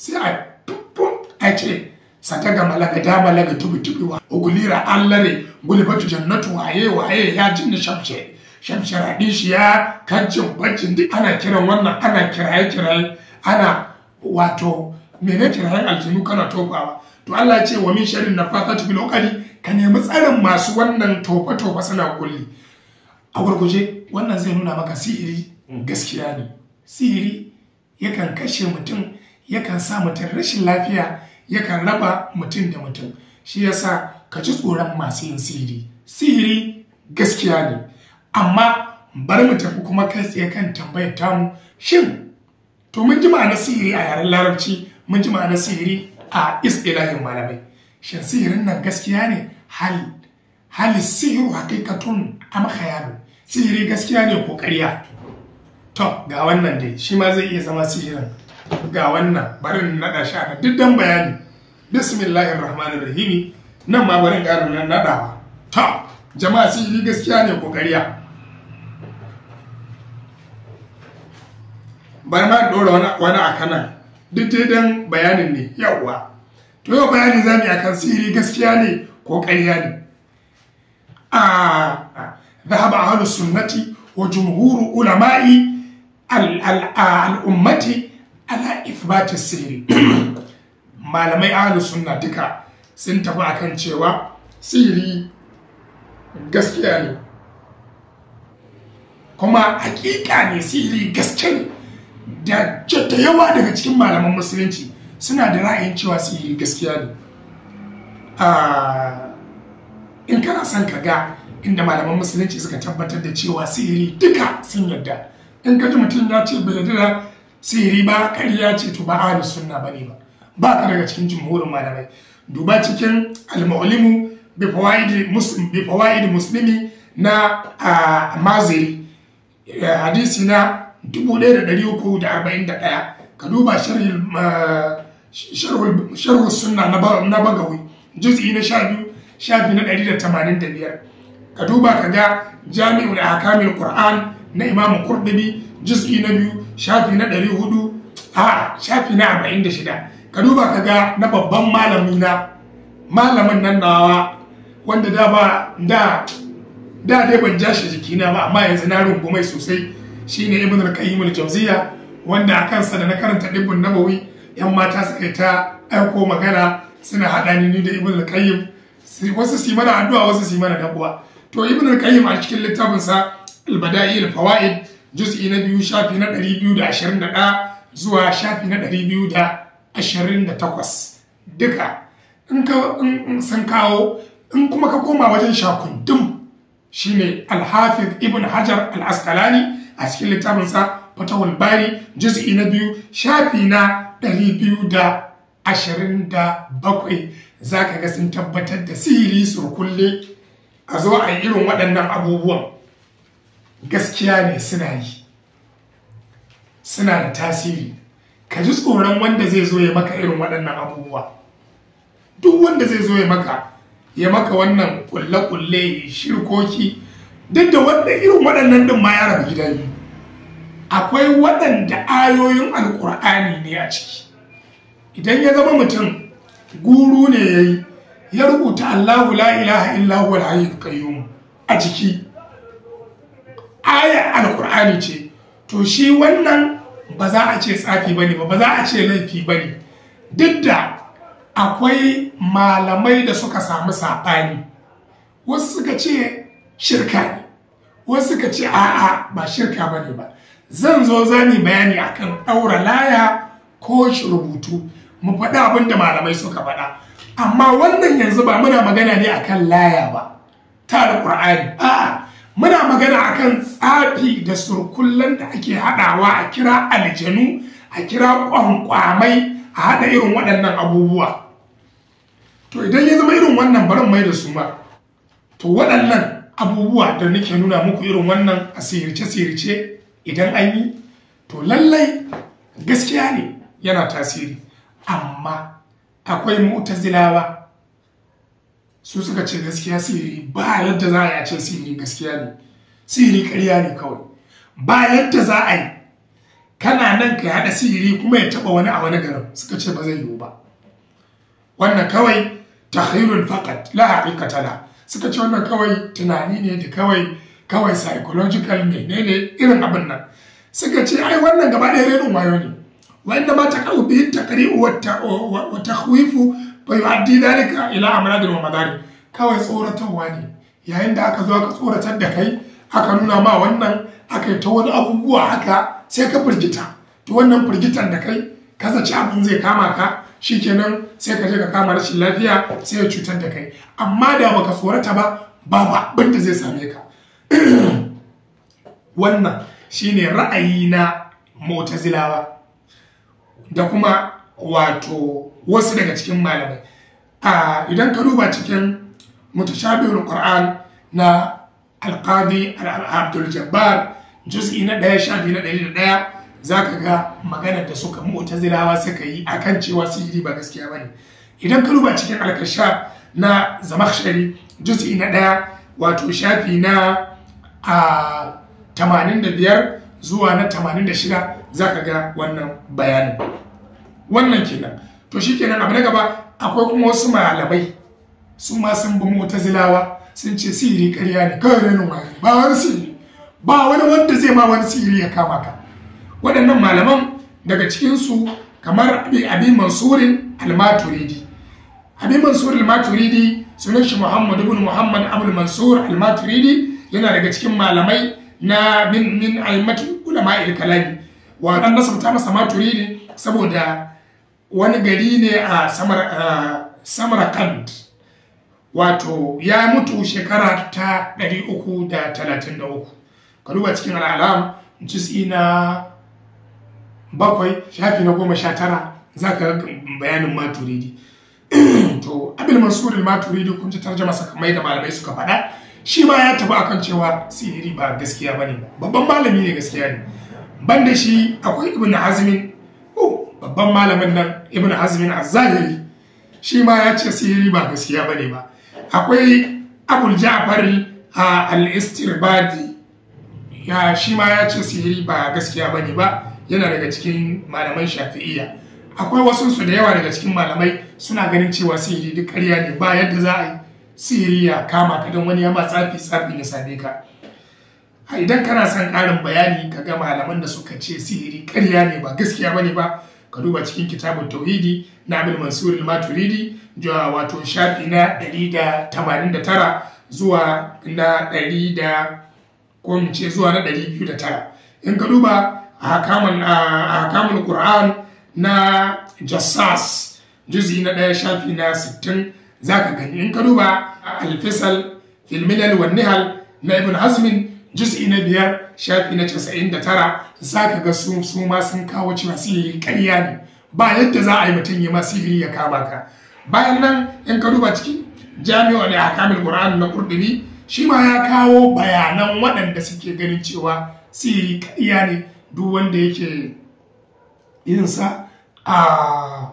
sai a pum a ce sata ga malaka ta balaga tubi tubi wa ugulira allare batu jannatu waye waye ya jinna shamshe shamshe shi ya kancin baccin duk ana kiran wannan ana kiraye kiraye ana wato mene kirayen aljinu kana tofawa to Allah ce wa min sharrin nafathati bil uqadi ka nemi tsarin masu wannan tofa tofa suna kulli a gurguje wannan zai nuna maka sihiri gaskiya ne sihiri yakan kashe mutum yakan sa mutum rashin lafiya yakan raba mutum da mutum shi yasa ka ci tsoron masu yin sihiri sihiri gaskiya ne amma bar mu tafi kuma kai tsaye kan tambayar tamu shin to mun ji ma'anar sihiri a yaren larabci mun ji ma'anar sihiri a istilahin malamai shin sihirin nan gaskiya ne hali hali sihiru hakikatun am khayalu sihiri gaskiya ne ko ƙarya to ga wannan dai shi ma zai iya zama sihirin ga wannan barin naɗa shi a diddan bayani bismillahir rahmanir rahimi nan ma barin ƙarin nan nadawa ta jama'a sun yi gaskiya ne kokariya bari ma ɗora wani a kanan duk bayanin ne yawwa to yau bayani zamu yi akan sihiri gaskiya ne ko ƙarya ne a ذهب أهل السنة وجمهور علماء الأمة ana ifbata sihiri malamai ahlus sunna duka sun tafi akan cewa sihiri gaskiya ne kuma hakika ne sihiri gaske ne da yawa daga cikin malaman musulunci suna da ra'ayin cewa sihiri gaskiya ne ah, in kana son ka ga inda malaman musulunci suka tabbatar da cewa sihiri duka sun yarda in ka ji mutum ya ce bai yarda sihiri ba ƙarya ce to ba ahlus sunna bane ba ba ka daga cikin jumhurin malamai duba cikin al-mu'limu bi fawaid muslim bi fawaid muslimi na mazari eh, hadisi na 1341 ka duba sharhul sharhul sunna na bagawi juz'i na 12 shafi na 185 ka duba ka ga jami'ul ahkamil qur'an na imamu qurtubi juz'i na biyu shafi na ɗari a shafi na arba'in da shida ka duba ka ga na babban malami na malamin nan nawa wanda da ba da da dai ban ja shi jikina ba amma yanzu na mai sosai shine ibn al-qayyim al-jawziya wanda a kansa da na karanta dibbun nabawi yan mata suka ta aiko magana suna haɗa ni da ibn al-qayyim wasu su mana addu'a wasu su mana dabuwa to ibn al-qayyim a cikin littafinsa al-bada'i al-fawaid juz'i na biyu shafi na 221 zuwa shafi na takwas. duka in ka san kawo in kuma ka koma wajen shakundum shine alhafiz ibn hajar al-asqalani a cikin littafinsa fatahul bari juz'i na biyu shafi na Za zaka ga sun tabbatar da sihiri surkulle a zo a yi irin waɗannan abubuwan gaskiya ne suna yi suna da tasiri ka ji tsoron wanda zai zo ya maka irin waɗannan abubuwa duk wanda zai zo ya maka ya maka wannan kulle-kulle shirkoki duk da wanda irin waɗannan din ma ya gida akwai waɗanda ayoyin alkur'ani ne a ciki idan ya zama mutum guru ne ya yi ya rubuta allahu la ilaha illahu al a jiki aya alkur'ani ce to shi wannan ba za a ce tsafi bane ba ba za a ce laifi bane duk da akwai malamai da suka samu saɓani wasu suka ce shirka ne wasu suka ce a'a ba shirka bane ba zan zo zani bayani akan ɗaura laya ko shi rubutu mu faɗi abin da malamai suka faɗa amma wannan yanzu ba muna magana ne akan laya ba ta da ƙur'ani a'a muna magana akan tsafi da surkullen da ake haɗawa a kira aljanu a kira kwankwamai a haɗa irin waɗannan abubuwa to idan ya zama irin wannan barin mai da su ba to waɗannan abubuwa da nake nuna muku irin wannan a sirce-sirce idan an yi to lallai gaskiya ne yana tasiri amma akwai mutazilawa su suka ce gaskiya sihiri ba yadda za a yi a ce sihiri gaskiya ne sihiri ƙarya ne kawai ba yadda za a yi kana nan ka haɗa sihiri kuma ya taɓa wani a wani garin suka ce ba zai yiwu ba wannan kawai tahrirun faqat la haqiqata la suka ce wannan kawai tunani ne da kawai kawai psychological menene irin abin nan suka ce ai wannan gaba ɗaya renin wayo ne wanda ma ta kawo bihin takari wa tahwifu fa yu'addi dhalika ila amradin wa madari? kawai tsoratarwa ne yayin da aka zo aka tsoratar da kai aka nuna ma wannan aka yi ta wani abubuwa haka sai ka firgita to wannan firgitan da kai ka zaci abin zai kama ka shikenan sai ka je ka kama rashin lafiya sai ya cutar da kai amma da baka tsorata ba babu abin da zai same ka wannan shine ra'ayi na mu'tazilawa da kuma wato wasu daga cikin malamai idan ka duba cikin mutashabihul qur'an na alqadi abdul jabbar juz'i na ɗaya shafi na ɗari da ɗaya za ka ga maganar da suka mu'tazilawa suka yi akan cewa sihiri ba gaskiya bane idan ka duba cikin alkasha na zamakshari juz'i na ɗaya wato shafi na a biyar zuwa na 86 za ka ga wannan bayanin wannan kenan to shikenan abu na gaba akwai kuma wasu malamai su ma sun bi mutazilawa sun ce sihiri ƙarya ne kawai renin wayo ba wani sihiri ba wani wanda zai ma wani sihiri ya kama ka waɗannan malaman daga cikinsu kamar abi mansurin almaturidi abi mansur almaturidi sunan shi muhammad ibn muhammad abul mansur almaturidi yana daga cikin malamai na min min aimatu ulama il kalami wa dan nasabta masa maturidi saboda wani gari ne a samarkand wato ya mutu shekara ta 333 ka duba cikin al'alam jis'i na bakwai shafi na goma sha tara za ka bayanin maturidi to abin mansur maturidi kun ji tarjama sakamai da malamai suka faɗa shi ma ya tafi akan cewa sihiri ba gaskiya ba ne. babban malami ne gaskiya ne banda shi akwai ibn azmin babban malamin nan ibn azmin azahiri shi ma ya ce sihiri ba gaskiya bane ba akwai abul ja'far al-istirbadi ya shi ma ya ce sihiri ba gaskiya bane ba yana daga cikin malaman shafi'iyya akwai wasu su da yawa daga cikin malamai suna ganin cewa sihiri duk ƙarya ne ba yadda za a yi sihiri ya kama ka don wani ya ma tsafi tsafi na same ka idan kana son ƙarin bayani ka ga malaman da suka ce sihiri ƙarya ne ba gaskiya bane ba ka duba cikin kitabun tauhidi na abin mansur maturidi wato shafi na 189 zuwa na 100 ko mu ce zuwa na 209 in ka duba a hakamun qur'an na jassas juzi na ɗaya shafi na 60 za ka gani in ka duba a alfisal Filmin wa nihal na ibn hasmin juzi na biyar shafi na 99 za ka ga su su ma sun kawo cewa sihiri ƙarya ne ba yadda za a yi mutum ya ma sihiri ya kama ka bayan nan in ka duba cikin ne da kamil qur'an na qurdubi shi ma ya kawo bayanan waɗanda suke ganin cewa sihiri ƙarya ne duk wanda yake yin sa a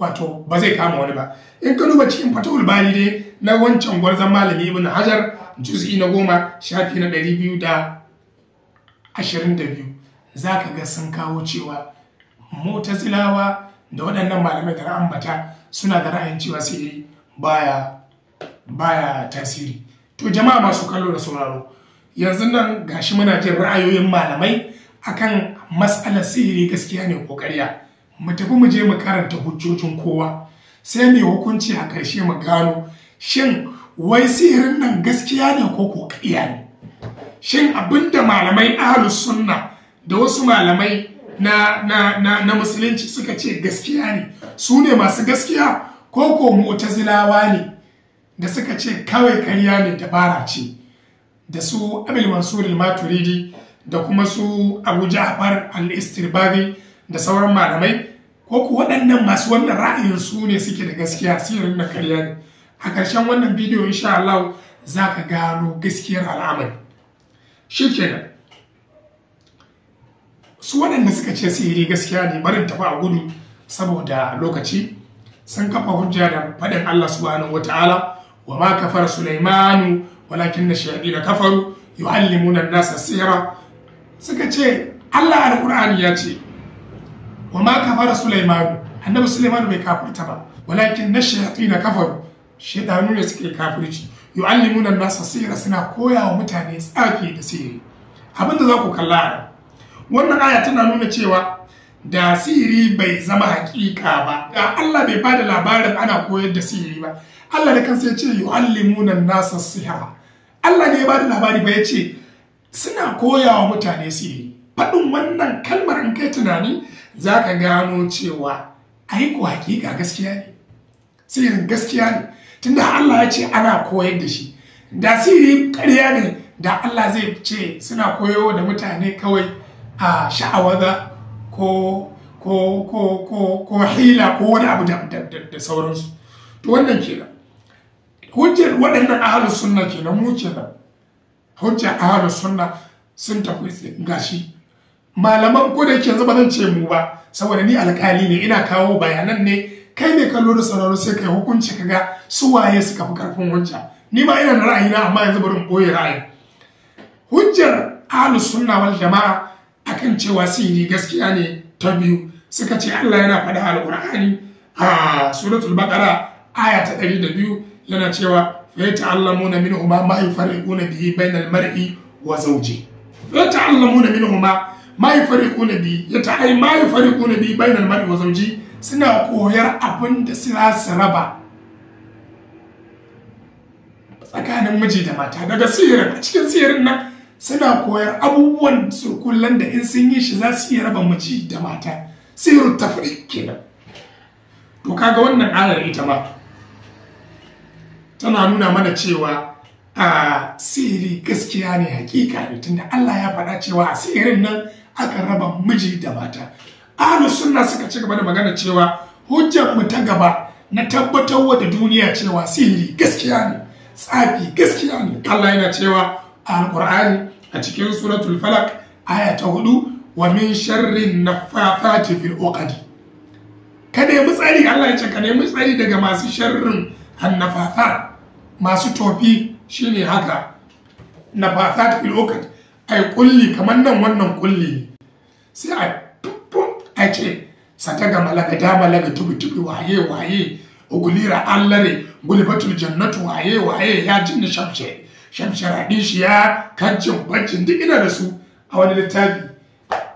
wato ba zai kama wani ba in ka duba cikin fatawul bari dai na wancan gwarzon malami ibn hajar juz'i na goma shafi na ɗari biyu da 22 za ka ga sun kawo cewa mutazilawa da waɗannan malamai da ambata suna da ra'ayin cewa sai baya baya tasiri to jama'a masu kallo da sauraro yanzu nan gashi muna jin ra'ayoyin malamai akan matsalar sihiri gaskiya ne ko ƙarya mu tafi mu je mu karanta hujjojin kowa sai mai hukunci a karshe mu gano shin wai sihirin nan gaskiya ne ko ko ƙarya ne shin abinda malamai ahlus sunna da wasu malamai na, musulunci suka ce gaskiya ne su ne masu gaskiya ko ko mu'tazilawa ne da suka ce kawai karya ne dabara ce da su abil mansur al-maturidi da kuma su abu ja'far al-istirbabi da sauran malamai ko ku waɗannan masu wannan ra'ayin su ne suke da gaskiya sirrin na karya ne a ƙarshen wannan bidiyo insha Allah za ka gano gaskiyar al'amari shi kenan su waɗanda suka ce sihiri gaskiya ne barin tafi a gudu saboda lokaci sun kafa hujja da faɗin Allah subhanahu wata'ala wa ma kafar Sulaimanu walakin na shaɗi da kafaru yu'allimuna an-nasa sihra suka ce Allah alqur'ani ya ce wa ma kafara Sulaimanu annabi Sulaimanu bai kafirta ba walakin na shaɗi da kafaru shaɗanu ne suke kafirci yu'allimuna an-nasa sihra suna koya wa mutane tsafi da sihiri abinda za ku kalla wannan aya tana nuna cewa da sihiri bai zama haƙiƙa ba Allah bai bada labarin ana koyar da sihiri ba Allah da kansa ya ce yu'allimuna an-nasa sihra Allah ne ya bada labari ba ya ce suna koya wa mutane sihiri faɗin wannan kalmar in kai tunani za ka gano cewa ko hakika gaskiya ne sihirin gaskiya ne tunda Allah ya ce ana koyar da shi da karya ƙarya ne da Allah zai ce suna koyo da mutane kawai a sha'awaza ko ko ko ko ko hila ko wani abu da sauransu to wannan kenan hujjar waɗannan ahlus sunna kenan mu kenan hujjar ahlus sunna sun tafi gashi malaman ko da yake yanzu ba zan ce mu ba saboda ni alƙali ne ina kawo bayanan ne kai ne kallo da sauraro sai kai hukunci kaga su waye suka fi karfin hujja ni ma ina ra'ayi na amma yanzu bari in boye ra'ayi. hujjar ahlus sunna wal jama'a akan cewa sihiri gaskiya ne ta biyu suka ce Allah yana faɗa alqur'ani a suratul baqara aya ta 102 yana cewa fa yata'allamuna minhuma ma yufariquna bihi bainal mar'i wa zawji fa yata'allamuna minhuma ma yufariquna bihi ta'ay ma yufariquna bihi bainal mar'i wa zawji suna koyar abin da suna su raba tsakanin miji da mata daga sihirin a cikin sihirin nan suna koyar abubuwan surkullan da in sun yi shi za su iya raba miji da mata sihirin tafri kenan to kaga wannan alar ita ma tana nuna mana cewa a sihiri gaskiya ne hakika ne tunda Allah ya faɗa cewa a sihirin nan akan raba miji da mata ahlus sunna suka ci gaba da magana cewa hujjar mu ta gaba na tabbatar wa da duniya cewa sihiri gaskiya ne tsafi gaskiya ne Allah yana cewa a alqur'ani a cikin suratul falak aya ta hudu wa min sharrin naffafati fil uqad ka nemi tsari Allah ya ce ka nemi tsari daga masu sharrin hannafafa masu tofi shine haka nafafat fil uqad ai kulli kamar nan wannan kulli sai a ake ga malaka da malaka tubi tubi waye waye ugulira allare gulbatul jannatu waye waye ya jinni shamshe shamshe shi ya kajin baccin duk ina da su a wani littafi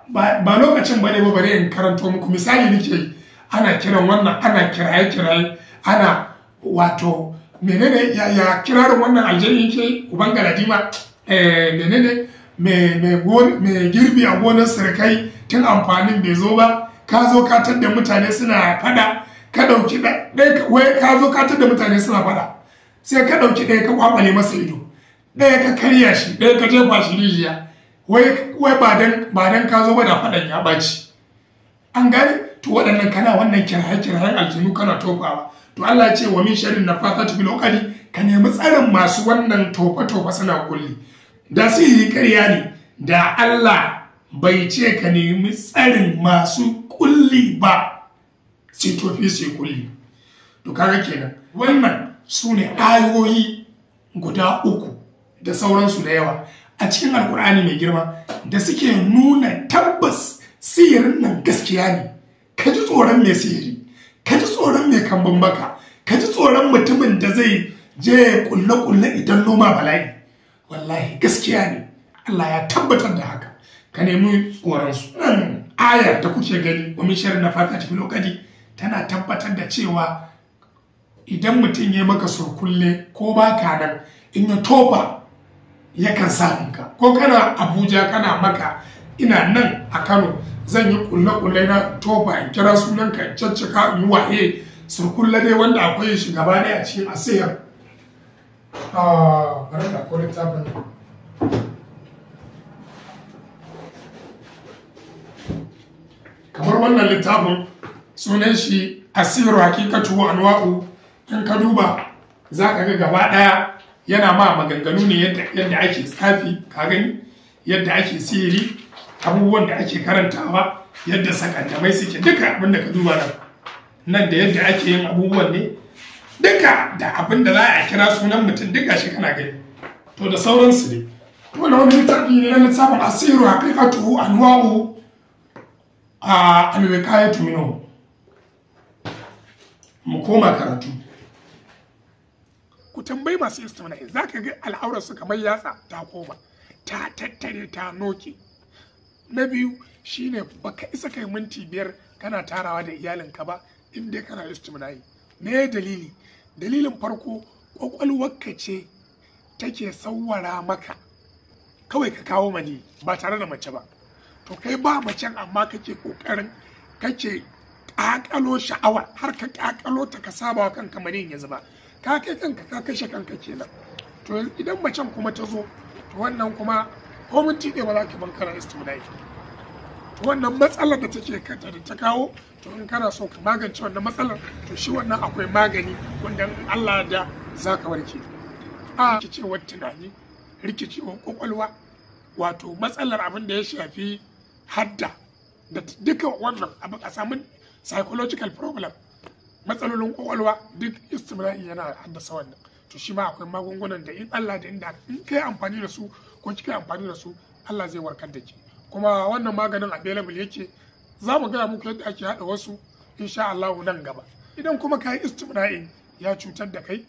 ba lokacin bane ba bare in karanto muku misali nake ana kiran wannan ana kiraye kiraye ana wato menene ya, ya kirarin wannan aljani yake uban galadima eh menene me me me girbi a gonar sirkai tun amfanin bai zo ba ka zo ka tadda mutane suna fada ka dauki ɗaya wai ka zo ka tadda mutane suna fada sai ka dauki ɗaya ka kwakwale masa ido ɗaya ka karya shi ɗaya ka jefa shi rijiya wai ba dan ba ka zo ba da fadan ya baci an gane to waɗannan kana wannan kirhaye kirhaye aljinu kana tofawa to Allah ya ce wa min sharrin nafathati bil uqadi ka nemi tsarin masu wannan tofa tofa suna kulle. da su yi ƙarya ne da Allah bai ce ka nemi tsarin masu kulli ba sai tofi sai kulli to kaga kenan wannan su ne ayoyi guda uku da sauransu da yawa a cikin alkur'ani mai girma da suke nuna tabbas sihirin nan gaskiya ne ka ji tsoron mai sihiri ka ji tsoron mai kambun baka ka ji tsoron mutumin da zai je kulle-kulle idan noma bala'i wallahi gaskiya ne allah ya tabbatar da haka ka nemi tsoronsu aya da kuke gani kwamishiyar na fata cikin lokaci tana tabbatar da cewa idan mutum ya maka surkulle ko ba nan in ya tofa kan samun ka ko kana abuja kana maka ina nan a kano zan yi kulle-kulle na tofa in kira sunan ka caccaka yi waye surkulle dai wanda akwai shugaba ne a cikin asiyar. Ah, bari da wannan littafin sunan shi asiru hakikatu wa anwa'u in ka duba za ka ga gaba ɗaya yana ma maganganu ne yadda ake tsafi ka gani yadda ake sihiri abubuwan da ake karantawa yadda mai suke duka abin da ka duba nan nan da yadda ake yin abubuwan ne duka da abin da za a kira sunan mutum duka shi kana gani to da sauransu ne da wani littafi ne na littafin asiru haƙiƙatu anwa'u alwikayatu ah, minhu mu koma karatu ku tambayi masu istimna'i za ka ga su kamar yatsa ta koma ta tattare ta noke na biyu shine baka isa kai minti biyar kana tarawa da iyalinka ba inda kana istimna'i me dalili dalilin farko kwakwalwarka ce take sawwara maka kawai ka kawo mani ba tare da mace ba to kai ba macen amma kake kokarin kake kakalo sha'awa har ka kakalo ta ka saba wa kanka manin ya zuba ka kai kanka ka kashe kanka kenan to idan macen kuma ta zo to wannan kuma ko mun tiɗe ba za ka bankara istimnai to wannan matsalar da take kanta da ta kawo to in kana so ka magance wannan matsalar to shi wannan akwai magani wanda Allah da za ka warke a rikicewar tunani rikicewar kwakwalwa wato matsalar abin da ya shafi hadda da duka wannan abin a samun psychological problem matsalolin kwakwalwa duk istimra'i yana haddasa wannan to shi ma akwai magungunan da in Allah da inda in kai amfani da su ko kika amfani da su Allah zai warkar da ki kuma wannan maganin a available yake za mu gaya muku yadda ake haɗa wasu insha Allah nan gaba idan kuma kai istimra'i ya cutar da kai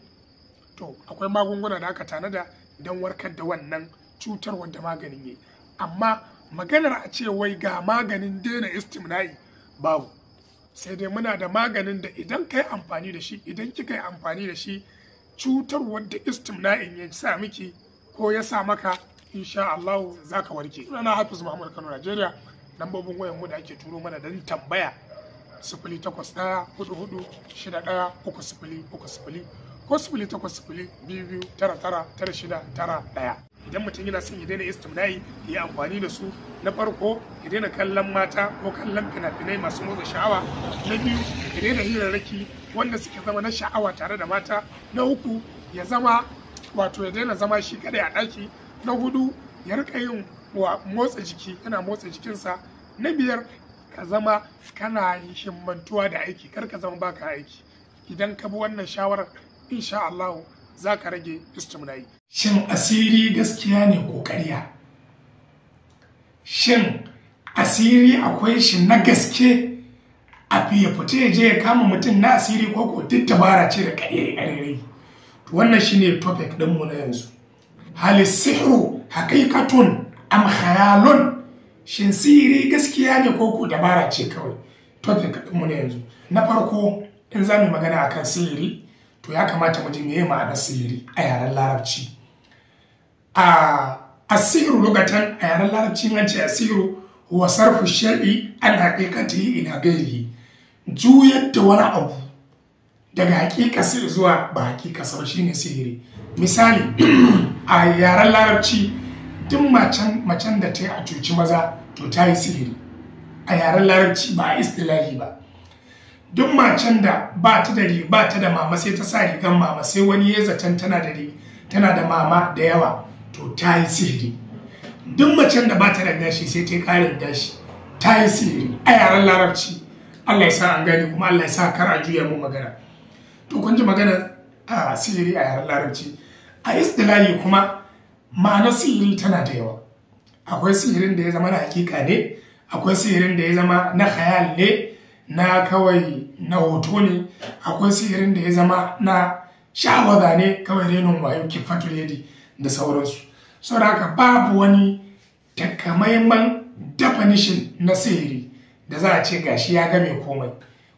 to akwai magunguna da aka tanada don warkar da wannan cutar wanda maganin ne amma maganar a ce wai ga maganin daina istimna'i babu sai dai muna da maganin da idan ka yi amfani da shi idan kika yi amfani da shi cutar wanda istimna'in ya sa miki ko ya sa maka insha Allah za ka warke sunana hafiz muhammad kano najeriya lambobin wayan mu da ake turo mana don tambaya sifili takwas ɗaya hudu hudu shida ɗaya uku sifili uku sifili ko sifili takwas sifili biyu biyu tara tara tara shida tara ɗaya idan mutum yana son ya daina istimna'i ya yi amfani da su na farko ya daina kallon mata ko kallon fina-finai masu motsa sha'awa na biyu ya daina hirarraki wanda suke zama na sha'awa tare da mata na uku ya zama wato ya daina zama shi kadai a ɗaki na hudu ya rika yin wa motsa jiki yana motsa jikinsa na biyar ka zama kana himmantuwa da aiki kar ka zama baka aiki idan ka bi wannan shawarar insha Allah za ka rage istimnayi. shin asiri gaskiya ne ko ƙarya shin asiri akwai shi na gaske a fiye fita ya je ya kama mutum na asiri ko ko duk tabara ce da ƙarya ƙarya to wannan ne topic ɗinmu na yanzu hali sihiru haƙiƙatun am khayalun shin sihiri gaskiya ne ko ko dabara ce kawai topic ɗinmu na yanzu na farko in za mu magana akan sihiri to ya kamata mu ji yi ma'anar sihiri a yaren larabci a asiru lokacin a yaren larabci nan ce asiru wa sarfu shari'i an haqiqati ina gairi juyar da wani abu daga hakikarsa zuwa ba hakikarsa ba shine sihiri misali a yaren larabci duk macen da ta yi a cuci maza to ta yi sihiri a yaren larabci ba a istilahi ba duk macen da ba ta da ba ta da mama sai ta sa rigan mama sai wani ya zaton tana da tana da mama da yawa to ta yi sihiri duk macen da ba ta da gashi sai ta ƙarin gashi ta yi sihiri a yaren larabci Allah ya sa an gane kuma Allah ya sa kar a juya mu magana to kun ji magana a sihiri a yaren larabci a istilahi kuma ma'ana sihiri tana da yawa akwai sihirin da ya zama na hakika ne akwai sihirin da ya zama na khayal ne na kawai na hoto ne akwai sihirin da ya zama na shawara ne kawai renon wayo kifatu lady da sauransu saboda haka babu wani takamaiman definition na sihiri da za a ce gashi ya game komai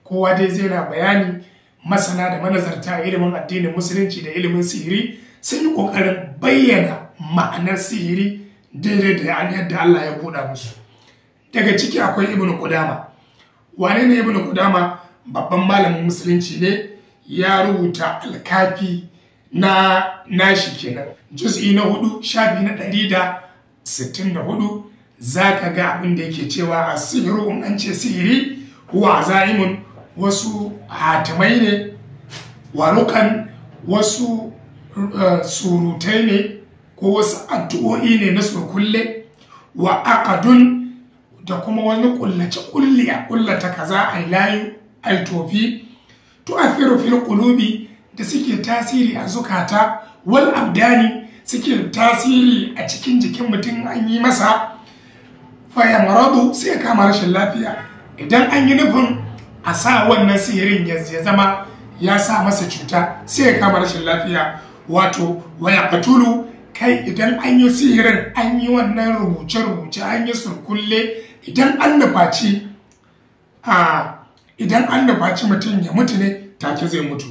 kowa dai zai na bayani masana da manazarta ilimin addinin musulunci da ilimin sihiri sun yi kokarin bayyana ma'anar sihiri daidai da yadda Allah ya buɗa musu daga ciki akwai ibnu kudama wane ne ibnu kudama babban malamin musulunci ne ya rubuta alkafi na nashi kenan juz'i na hudu shafi na ɗari da sittin da hudu za ka ga abin da yake cewa a sihiru in an ce sihiri huwa za'imun wasu hatimai ne warukan wasu eh, surutai ne ko wasu addu'o'i ne na surkulle wa akadun da kuma wani kullace kulle a kullata kaza a layu ai tofi tu'athiru fil kulubi da suke tasiri a zukata wal abdani suke tasiri a cikin jikin mutum an yi masa faya maradu sai ya kama rashin lafiya idan an yi nufin a sa wannan sihirin ya zama ya sa masa cuta sai ya kama rashin lafiya wato waya katulu kai idan an yi sihirin an yi wannan rubuce-rubuce an yi surkulle idan an nufaci a idan an nufaci mutum ya mutu ne take zai mutu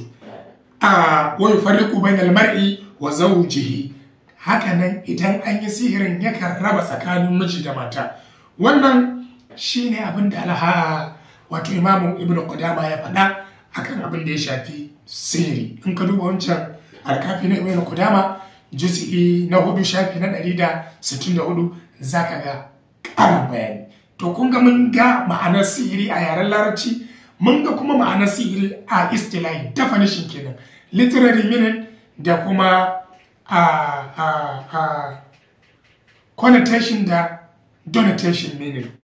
a wani fariku bai mar'i wa jihi. hakanan idan an yi sihirin yakan raba tsakanin miji da mata wannan shine abin da alha wato imamu ibn qudama ya faɗa akan abin da ya shafi sihiri in ka duba wancan alkafi na ibnu qudama juz'i na hudu shafi na 164 ka ga ƙarin bayani to kun ga mun ga ma'anar sihiri a yaren larabci mun ga kuma ma'anar sihiri a istilahi definition kenan literary meaning da kuma a a a connotation da denotation meaning